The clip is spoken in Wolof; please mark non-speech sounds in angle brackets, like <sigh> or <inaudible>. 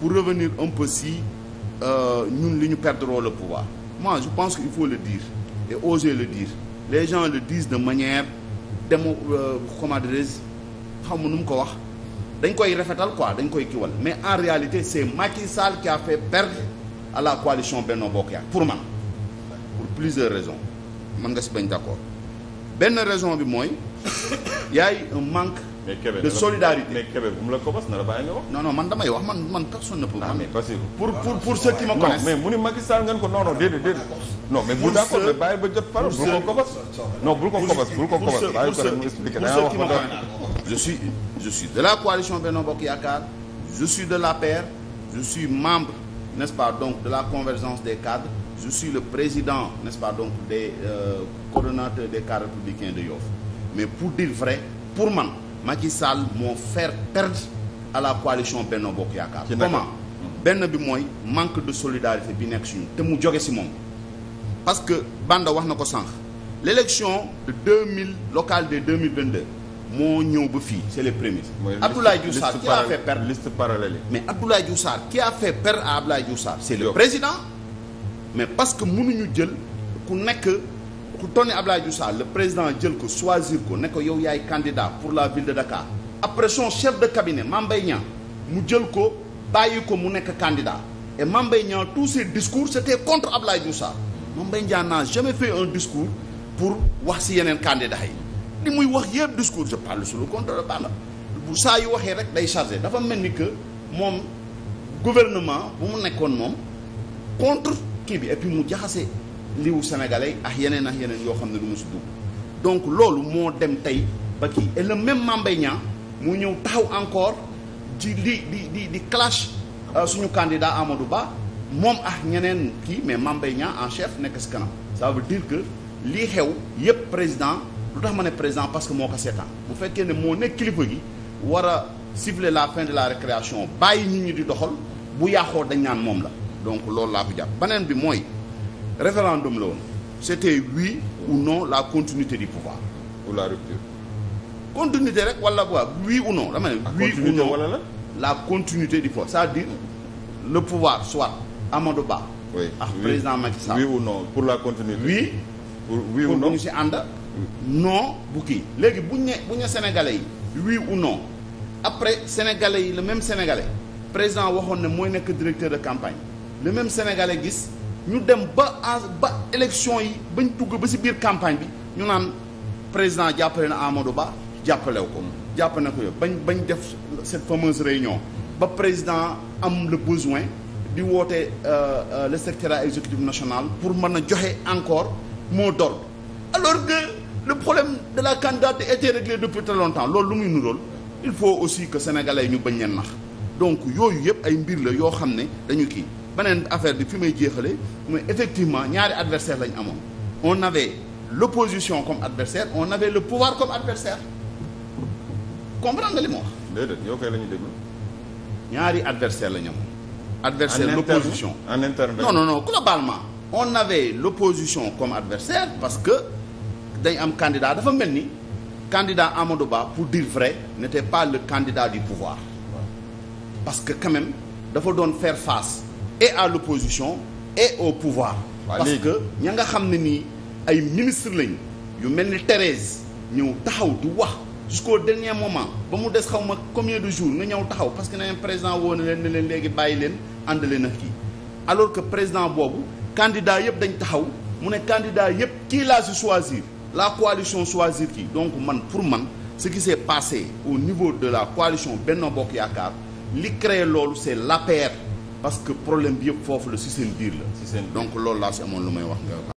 pour revenir un peu si euh, ñun li ñu perdrons le pouvoir moi je pense qu'il faut le dire et oser le dire les gens le disent de manière démo euh, comment dirais-je xaw ma nu mu ko wax dañ koy rafetal quoi dañ koy kiiwal mais en réalité c'est Macky Sall qui a fait perdre à la coalition Benno Bokk Yaakaar pour man pour plusieurs raisons man nga si bañ d'accord benn raison bi mooy yaay <coughs> un manque de solidarité mais Kébé bu mu la ko bas na la bàyyi nga wax. non non man damay wax man man personne ne peut. ah mais parce que pour pour pour ceux qui me connaissent. non mais mu ni Macky Sall ngeen ko non non déedéet déedéet. non mais bu d'accord mais bàyyi ba jot parole bul ko ko bas. non bul ko ko bas bul ko ko bas bàyyi ko rek mu expliqué da nga wax ma je suis je suis de la coalition Benno Bokk Yaakaar je suis de l'APR je suis membre n'est-ce pas donc de la convergence des cadres je suis le président n'est-ce pas donc des euh, coordonnateurs des cadres républicains de Yoff mais pour dire vrai pour man. Macky Sall moo faire perdre à la coalition Benno Bokk Yaakaar. comment benn bi mooy manque de solidarité bi nekk suñu te mu joge si moom. parce que Banda wax na ko sànq l'élection de deux mille locale de mille vingt deux moo ñëw ba fii c'est les prémices. mooy Abdoulaye Diouf Sarr qui a fait mais a fait perdre à Abdoulaye Diouf Sarr. c'est le président mais parce que mënuñu jël ku nekk. ku toll ab Abdoulaye Diouf Sarr président jël ko choisir ko ne ko yow yaay candidat pour la ville de Dakar après son chef de cabinet Mame Mbaye mu jël ko bàyyi ko mu nekk candidat et Mame Mbaye Niang tous ses discours c' était contre Abdoulaye Diouf Sarr Mame Mbaye Niang n'a jamais fait un discours pour wax si yeneen candidat yi li muy wax yëpp discours je parle sur le compte de Balla bu saa yu waxee rek day chargé dafa mel ni que moom gouvernement bu mu nekkoon moom contre kii bi et puis mu liwu sénégalais ak yeneen ak yeneen yoo xam ne du ma si dugg donc loolu moo dem tey ba kii et le même Mame mu ñëw taxaw encore ci di di di di clash euh, suñu candidat Amadou Ba moom ak ñeneen kii mais Mame Mbaye en chef nekk si kanam ça veut dire que lii xew yépp président lu tax ma ne président parce que moo ko seetaan bu fekkee ne moo nekk kilifa gi war a siffler la fin de la récréation bàyyi nit ñi di doxal bu yàqoo dañ naan moom la donc loolu laa ko bi mooy référendum la woon c'était oui ou non la continuité du pouvoir. ou la rupture. continuité rek wala quoi oui ou non dama ne. oui ou non wala la. la continuité du pouvoir c'est-à-dire le pouvoir soit Amadou Ba. oui ak oui. président Macky ou non pour la continuité. oui pour oui ou non pour ñu si ànd. non bu kii léegi bu ñu yi. oui ou non après sénégalais yi la même sénégalais président waxoon ne mooy nekk directeur de campagne le même sénégalais gis. ñu dem ba ba élection yi bañ dugg ba si biir campagne bi ñu naan président jàppale na Amadou Ba jàppalew ko jàpp na ko bañ bañ def cette fameuse ba président am le besoin di woote euh, euh, le secrétariat exécutif national pour mën a joxe encore mot d'ordre alors que le problème de la candidature était réglé depuis très loolu lu nurool il faut aussi que sénégalais ñu bañ leen nax donc yooyu yëpp ay mbir la yoo xam ne dañu kii beneen affaire bi fi may jéexale mooy effectivement ñaari adversaire lañ amoon on avait l'opposition comme adversaire on avait le pouvoir comme adversaire comprendre nga li ma wax. déedéet yow kay la ñuy déglu. ñaari adversaire la ñu amoon. adversaire l'opposition en interne non non non globalement. on avait l'opposition comme adversaire parce que dañ am candidat dafa mel ni candidat Amadou Ba pour dire vrai n'était pas le candidat du pouvoir parce que quand dafa doon faire face. et à l'opposition et au pouvoir parce que ña nga xam ne nii ay ministre lañ yu mel ni Thérèse ñëw taxaw du wax jusqu'au dernier moment ba mu des xaw ma combien de jour nga ñëw taxaw parce que na président woo na leen ne leen léegi bàyyi leen ànd leen ak alors que président boobu candidat yëpp dañ taxaw mu ne candidat yëpp kii laa si choisir la coalition choisir kii donc man pour man ce qui s'est passé au niveau de la coalition Benno Bokk Yaakaar li créé loolu c'est l'APR parce que problème bi yëpp foofu la si seen biir la donc loolu laa si amoon lu may wax nga